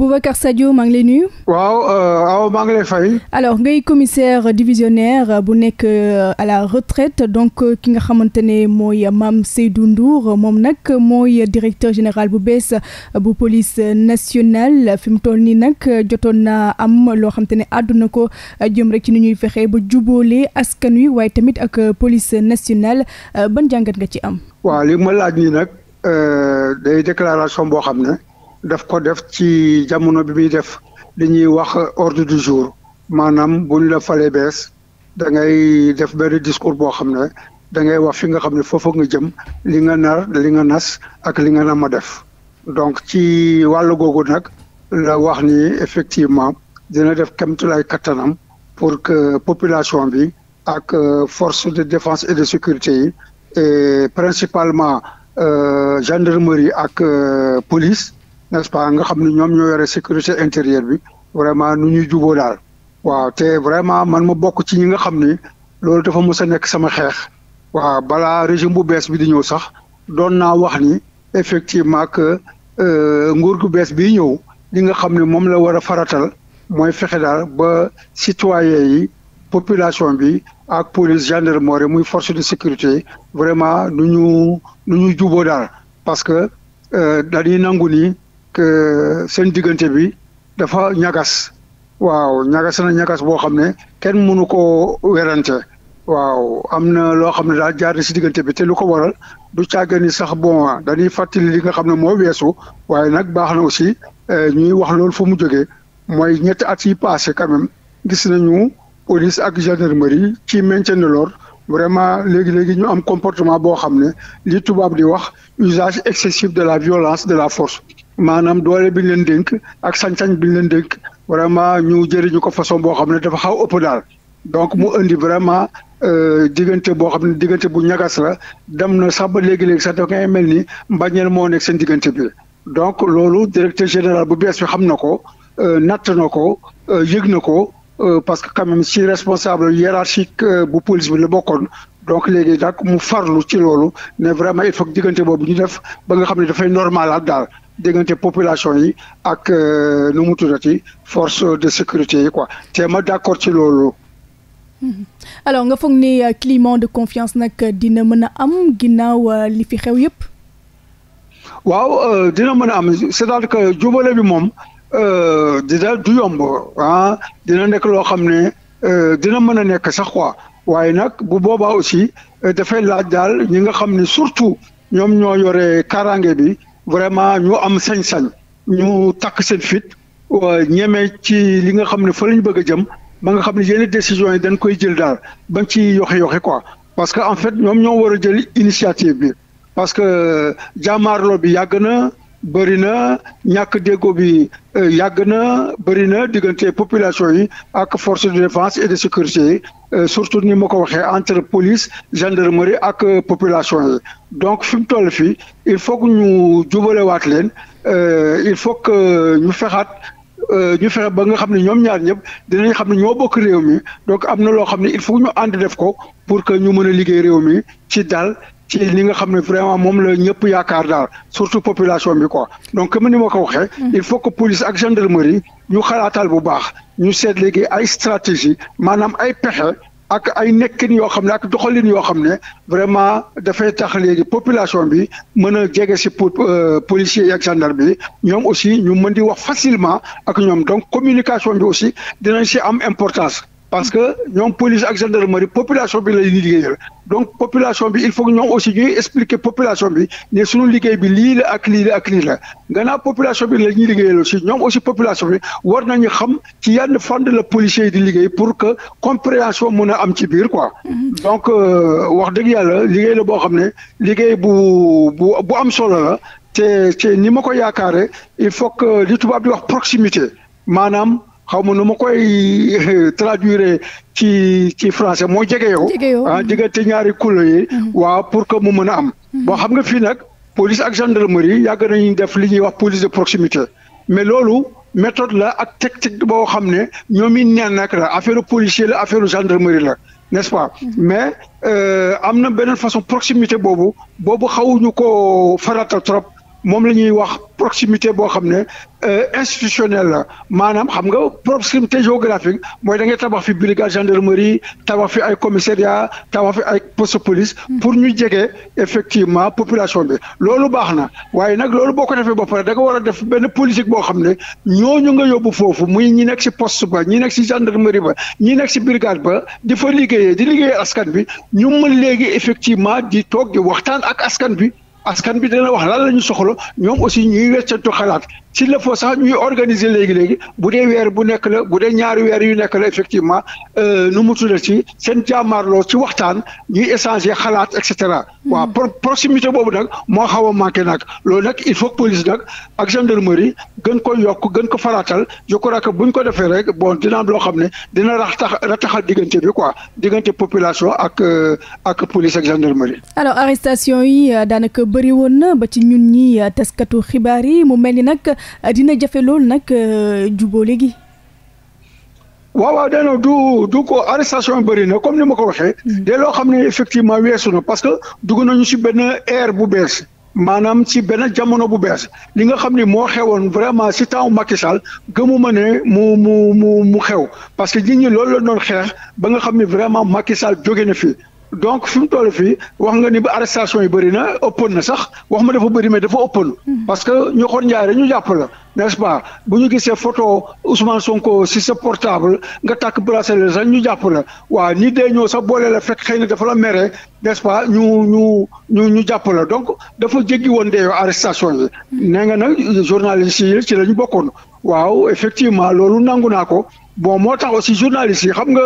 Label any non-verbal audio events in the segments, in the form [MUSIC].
Boubacar Sadio maa ngi lay nuyu. waaw euh, aw maa ngi lay fay. alors ngay commissaire divisionnaire bu nekk euh, à la retraite donc euh, ki nga xamante ne mooy Mame Seydou nduur moom nag mooy directeur général bu bees bu police nationale fi mu toll nii nag jotoon na am loo xamante ne àdduna ko jëm rek ci ni ñuy fexe ba jubóole askan wi waaye tamit ak police nationale ban jàngat nga ci am. waa li ma laaj nii nag day déclaration boo xam ne. def ko def ci jamono bi muy def li ñuy wax ordre du jour maanaam bu la falee bees da ngay def benn discours boo xam ne da ngay wax fi nga xam ne foofa nga jëm li nga nar li nga nas ak li nga nam a def donc ci wàll googu nag la wax ni effectivement dina def kemtulaay kattanam pour que population bi ak euh, force de défense et de sécurité yi et principalement euh, gendarmerie ak euh, police nest pas nga xam ne ñoom ñoo yore sécurité intérieure bi vraiment nu ñuy juboo daal waaw te vraiment man ma bokk ci ñi nga xam ni loolu dafa mës a nekk sama xeex waaw balaa régime bu bees bi di ñëw sax doon naa wax ni effectivement que euh, nguur gu bees bi ñëw li nga xam ne moom la war a faratal mooy fexe daal ba citoyen yi population bi ak police gendarmerie muy force de sécurité vraiment nu ñu nu ñu juboo daal parce que euh, dañuy nangu ni Euh, seen diggante bi dafa ñagas waaw ñagas na ñagas boo xam ne kenn mënu ko werante waaw am na loo xam ne daal jaar na si diggante bi te lu ko waral du càggee ni sax bon dañuy fàttali li nga xam ne moo weesu waaye nag baax na aussi euh, ñuy wax loolu fu mu jógee mooy ñetti at yi passé quand na ñu nañu police ak gendarmerie ci maintien de l'ordre vraiment léegi-léegi ñu am comportement boo xam ne li tubaab di wax usage excessif de la violence de la force maanaam doole bi ñu leen dénk ak sañ bi ñu leen dénk vraiment ñu jëriñu ko façon boo xam ne dafa xaw ëpp daal donc mu indi vraiment euh, diggante boo xam ne diggante bu ñagas la dem na sax léegi-léegi sax da mel ni mbañeel moo nekk seen diggante bi donc loolu directeur général bu bees bi xam na ko euh, natt na ko euh, yëg na ko parce que quand même si responsable hiérarchique bu police bi la bokkoon donc léegi nag mu farlu ci loolu mais vraiment it foog que diggante boobu ñu def ba nga xam ne dafay normalaat daal diggante population yi ak euh, nu mu tuddati force de sécurité yi quoi te ma d'accord ci loolu. [LAUGHS] alors nga foog ni euh, climat de confiance nag dina mën a am ginnaaw euh, li fi xew yépp. waaw dina mën a am c'est-à-dire que jubale bi moom dina du yomb ah dina nekk loo xam ne dina mën a nekk sax quoi waaye nag bu boobaa aussi dafay laaj daal ñi nga xam ne surtout ñoom ñoo yore kaaraange bi. vraiment ñu am sañ-sañ ñu takk seen fit ñeme ci li nga xam ne fa la ñu bëgg a jëm ba nga xam ne yenn décisions yi dañ koy jël daal bañ ci yoxe yoxe quoi parce que en fait ñoom ñoo war a jël initiative bi parce que euh, jaamaarloo bi yàgg na bëri na ñàkk déggoo bi euh, yàgg na bëri na diggante population yi ak force de défense et de sécurité yi Euh, surtout ni ma ko waxee entre police gendarmerie ak euh, population yi donc fi mu toll fii il faut que ñu jubalewaat leen euh, il faut que ñu fexaat ñu fexe ba nga xam ne ñoom ñaar ñëpp dinañ xam ne ñoo bokk réew mi donc am na loo xam ne il faut ñu ànd def ko pour que ñu mën a liggéey réew mi ci dal ci li nga xam ne vraiment moom la ñëpp yaakaar daal surtout population bi quoi donc comme ni ma ko waxee. Mm-hmm. il faut que police ak gendarmerie ñu xalaatal bu baax ñu seet léegi ay stratégie maanaam ay pexe. ak ay nekkin yoo xam ne ak doxalin yoo xam ne vraiment dafay tax léegi population bi mën a jege si pour euh, policiers yi ak gendarme bi ñoom aussi ñu mën di wax facilement ak ñoom donc communication bi aussi dinañ si am importance parce que ñoom police ak gendarmerie population bi la ñuy liggéeyal donc population bi il faut que ñoom aussi ñuy expliquer population bi su suñu liggéey bi lii la ak lii la ak lii la gannaaw population bi la ñuy liggéeyal aussi ñoom aussi population bi war nañu xam ci yenn fànn la policier yi di liggéey pour que compréhension mën a am ci biir quoi. Mm-hmm. donc euh, wax dëgg yàlla liggéey la boo xam ne liggéey bu bu bu am solo la te te ni ma ko yaakaare il faut que li tubaab di wax proximité maanaam. xaw ma nu ma koy [LAUGHS] traduire ci ci français mooy jegeyoo ah diggante ñaari kulo yi mm-hmm. waaw pour que mu mën a am mm-hmm. boo xam nga fii nag police ak gendarmerie yàgg nañu def li ñuy wax police de proximité mais loolu méthode la ak technique boo xam ne ñoom it neen nak la affaire policier la affaire gendarmerie la n'est-ce pas mm-hmm. mais euh, am na beneen façon proximité boobu boobu xawuñu ko farata trop moom la ñuy wax proximité boo xam ne euh, institutionnelle la maanaam xam nga proximité géographique mooy da ngay tabax fi brigade gendarmerie tabax fi ay commissariat tabax fi ay post police pour ñu jege effectivement population bi loolu baax na waaye nag loolu boo ko defee ba pare da nga a def benn politique boo xam ne ñooñu nga yóbbu foofu muy ñi nekk post poste ba ñi si ci gendarmerie ba ñi nekk ci brigade ba di fa liggéeyee di liggéeyee askan bi ñu mën léegi effectivement di toog di waxtaan ak askan bi askan bi dana wax lan la ñu soxla ñoom aussi ñuy weccatu xalaat ci le faut sax ñuy organiser léegi léegi bu dee weer bu nekk la bu dee ñaari weer yu nekk la effectivement euh, nu mu tuddee ci seen jàmmaarloo ci waxtaan ñuy échanger xalaat et cetera. Hmm. waaw proximité boobu nag moo xaw a manqué nag loolu nag il faut que police nag ak gendarmerie gën ko yokk gën ko faraatal je crois que buñ ko defee rek bon dina am loo xam ne dina ratax rataxal diggante bi quoi diggante population ak euh, ak police ak gendarmerie. alors arrestation yi euh, daanaka bari woon na ba ci ñun ñi taskatu yi Euh, dina jafe loolu nag euh, jubóole gi. waaw waaw du du ko arrestation bëri na comme ni ma ko waxee. de hmm. loo xam ne effectivement weesu na parce que dugg nañu ci benn ère bu bees. maanaam si benn jamono bu bees li nga xam ni moo xewoon vraiment si taw Macky Sall gëmuma ne mu mu mu mu xew parce que nit ñi loolu la doon xeex ba nga xam ni vraiment Macky jóge na fii donc fi mu toll fii wax nga ni arrestation yi bëri na ëppoon na sax wax ma dafa bëri mais dafa ëppoon. Hmm. parce que ñu xool njaay rek ñu jàpp la n'est-ce pas bu ñu gisee photo Ousmane Sonko si sa portable nga tàkk bracelet sax ñu jàpp la waa ni dee ñëw sa boole la fekk xëy na dafa la mere n'est-ce pas ñu ñu ñu ñu jàpp la donc dafa jéggi woon deeyoo arrestation yi. Hmm. nee nga nag journaliste yi ci la ñu bokkoon waaw effectivement loolu nangu naa ko. bon moo tax aussi journaliste yi xam nga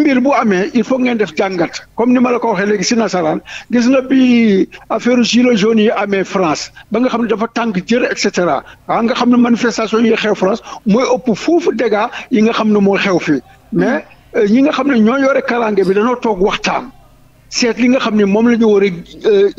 mbir bu amee il faut ngeen def jàngat comme ni ma la ko waxee léegi si nasaraan gis nga bi affaire gilets jaunes yi amee France ba nga xam ne dafa tànk jër et cetera ah, nga xam ne manifestation yi xew France mooy ëpp foofu dégâts yi nga xam ne moo xew fii mais euh, ñi nga xam ne ñoo yore karange bi dañoo toog waxtaan seet li nga xam ni moom la ñu war a euh,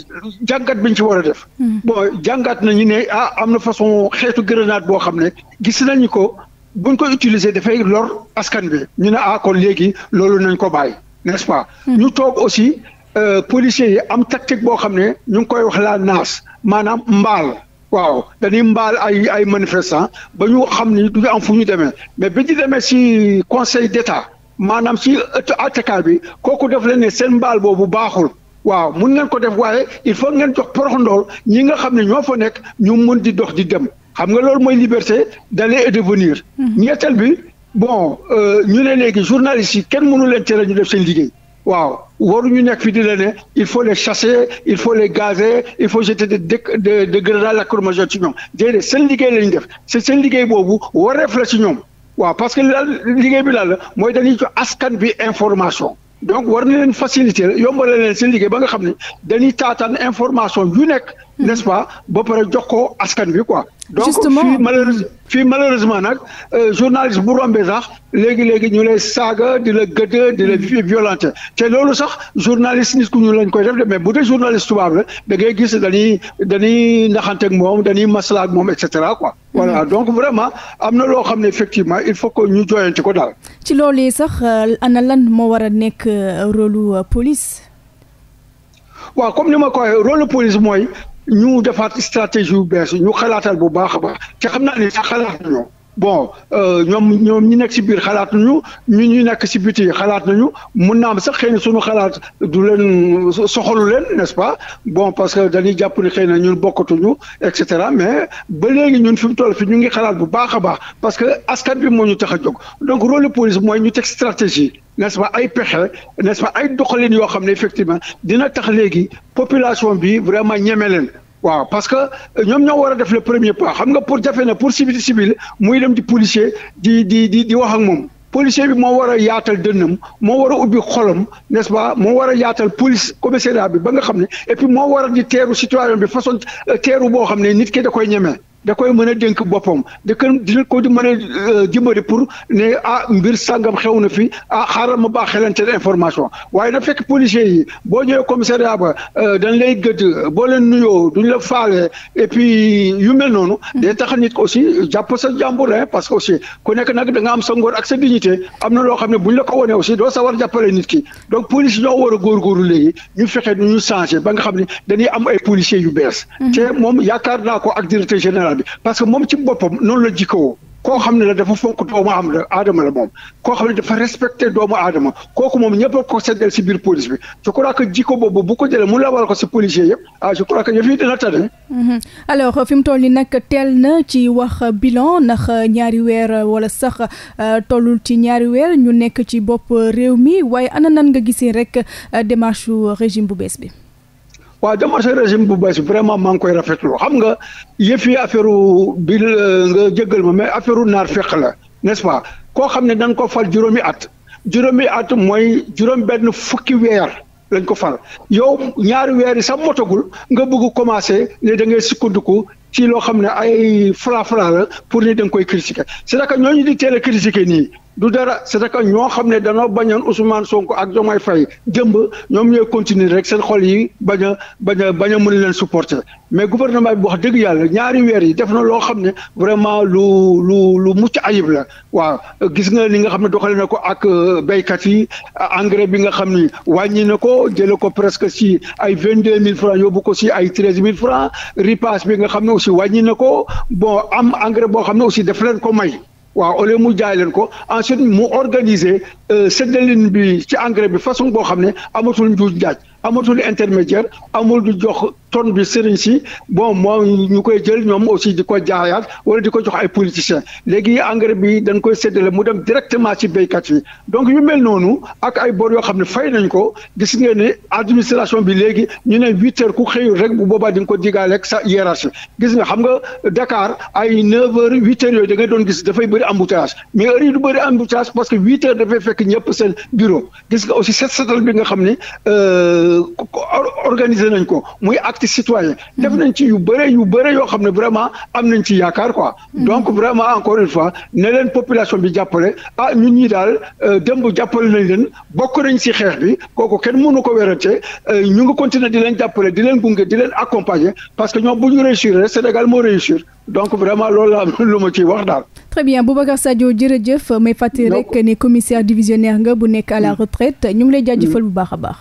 jàngat bi ñu war a def. Hmm. bon na nañu ne ah am na façon xeetu grenade boo xam ne gis nañu ko buñ ko utiliser dafay lor askan bi ñu ne ah kon léegi loolu nañ ko bàyyi n'est-ce hmm. ñu toog aussi euh, policiers yi am tactique boo xam ne ñu ngi koy wax la naas maanaam mbaal. waaw dañuy mbaal ay ay manifestants ba ñu xam ni du am fu ñu demee mais bi ñu demee ci conseil d'état maanaam ci ëttu àttekat bi kooku def leen ne seen mbaal boobu baaxul. waaw mun ngeen ko def waaye il faut ngeen jox porox ndool ñi nga xam ne ñoo fa nekk ñu mën di dox di dem xam nga loolu mooy liberté d'aller et de venir. Mm-hmm. ñetteel bi bon euh, ñu ne léegi journalistes yi kenn mënu leen tere ñu def seen liggéey. waaw ñu nekk fi di la ne il faut les chasser il faut les gazer il faut jeter des des des grenades ci ñoom déedéet seen liggéey lañu def c'est seen liggéey boobu wareef la ci ñoom waaw parce que liggéey bi daal la mooy dañuy jox askan bi information donc war na leen faciliter yombale leen seen liggéey ba nga xam ne dañuy taataan information yu nekk mm-hmm. n'est-ce pas ba pare jox ko askan bi quoi donc fii malheureusement fii malheureusement nag euh, journaliste bu rombee sax léegi léegi ñu lay saaga di la gëdd di te loolu sax journaliste nit ku ñu lañ koy def de mais bu de journaliste tubaab la da ngay gis dañuy dañuy ndaxanteeg moom dañuy maslaa moom et ko quoi. voilà mm-hmm. donc vraiment am na loo xam ne effectivement il faut que ñu jooyante ko daal. ci loolu yi sax euh, ana lan moo war a nekk euh, rôle police. waaw comme ni ma ko waxee rôle police mooy ñu defaat stratégie yu bees ñu xalaatal bu baax a baax te xam naa ne sax xalaat nañoo bon euh, ñoom ñoom ñi nekk si biir xalaat nu ñu ñu nekk si biti xalaat nañu mun naa am sax xëy na suñu xalaat du leen soxalu leen n'est-ce pas bon parce que dañuy jàpp ni xëy na ñun bokkatuñu et cetera mais ba léegi ñun fi mu toll fi ñu ngi xalaat bu baax a baax parce que askan bi moo ñu tax a jóg donc rôle police mooy ñu teg stratégie n'est-ce ay pexe n'est-ce pas ay doxalin yoo xam ne effectivement dina tax léegi population bi vraiment ñeme leen waaw parce que euh, ñoom ñoo war a def le premier pas xam nga pour jafe na pour civil civil muy dem di policier di di di di wax ak moom policier bi moo war a yaatal dënnam moo war a ubbi xolam n'est-ce pas moo war a yaatal police commissariat bi ba nga xam ne et puis moo war a di teeru citoyen bi façon euh, teeru boo xam ne nit ki da koy ñemee da koy mën a dénk boppam da ko di ko mën a euh, dimbali pour ne ah mbir sangam xew na fi ah xaaral ma baax xelante information waaye na fekk policiers yi boo ñëwee commissariat ba euh, dañ lay gëdd boo leen nuyoo duñ la faale et yu mel noonu. day tax nit aussi jàpp sa jàmbur parce que aussi ku nekk nag da nga am sa ngóor ak sa dignité am na loo xam ne buñ la ko wonee aussi doo sa war jàppale nit ki donc police ñoo war a góorgóorlu léegi ñu fexe ñu changé ba nga xam ne dañuy am ay policiers yu bees. Mhm. moom yaakaar naa ko ak directeur général. état bi parce que moom ci boppam noonu la jikkoo koo xam ne la dafa fonk doomu am aadama la moom koo xam ne dafa respecté doomu aadama kooku moom ñëpp ko seddal si biir police bi je crois que jikko boobu bu ko jëlee mu lawal ko si policier yëpp ah je crois que yëf yi mhm. fi mu toll nii nag teel na ci wax bilan ndax ñaari weer wala sax euh, tollu ci ñaari weer ñu nekk ci bopp réew mi waaye ana nan nga gisee rek euh, démarche su régime bu bees bi. waaw démarche régime bu bees vraiment maa ngi koy rafetlu xam nga yëf yi affaire bi euh, nga jéggal ma mais affaire naar fekk la n'est-ce pas koo xam ne dañ ko fal juróomi at juróomi at mooy juróom benn fukki weer lañ ko fal yow ñaari weer yi sax motagul nga bëgg commencé ne da ngay sukkandiku ci loo xam ne ay fla fla la pour ni da koy critiquer c'est-à-dire que ñooñu di teel a critiquer nii du dara c'est que ñoo xam ne danoo bañoon Ousmane sonk ak Diomaye Faye jëmb ñoom ñooy continuer rek seen xol yi bañ a bañ bañ a mën leen supporter mais gouvernement bi wax dëgg yàlla ñaari weer yi def na loo xam ne vraiment lu lu lu mucc ayib la waaw gis nga ni nga xam ne doxale ko ak euh, béykat yi engrais bi nga xam ni wàññi na ko jële ko presque si ay vingt deux mille francs yóbbu ko si ay treize mille francs ripaas bi nga xam ne aussi wàññi na ko bon am engrais boo xam ne aussi daf leen ko may waaw au lieu mu jaay leen ko ensuite mu organiser euh, séddalin bi ci engrais bi façon boo xam ne amatul njuuj njaaj amatul intermédiaire amul du jox tonne bi sëriñ si bon moom ñu koy jël ñoom aussi di ko jaayaat wala di ko jox ay politiciens léegi engrais bi dañ koy séddale mu dem directement ci béykat yi donc yu mel noonu ak ay bor yoo xam ne fay nañ ko gis ngeen ne administration bi léegi ñu ne huit heures ku xëyul rek bu boobaa dinga ko digaale ak sa gis nga xam nga Dakar ay neuf heures huit heures yooyu da ngay doon gis dafay bëri embouteillage mais heure yi du bëri embouteillage parce que huit heures dafay fekk seen bureau gis nga aussi set setal bi nga xam ne euh, organiser nañ ko acte citoyen def nañ ci yu bëre yu bëre yoo xam ne vraiment am nañ ci yaakaar quoi mm-hmm. donc vraiment encore une fois ne leen population bi jàppale ah ñu ñi daal euh, démb jàppale nañ leen bokk nañ ci xeex bi kooku kenn mënu ko wérante euh, ñu ngi continuer di leen jàppale di leen gunge di leen accompagner parce que ñoom bu ñu réussir rek Sénégal moo réussir donc vraiment loolu la am [LAUGHS] lu ma ciy wax daal. très bien Boubacar Sadio jërëjëf may fàttali rek ne commissaire divisionnaire nga bu nekk à la mm. retraite ñu ngi lay jaajëfal bu baax a baax.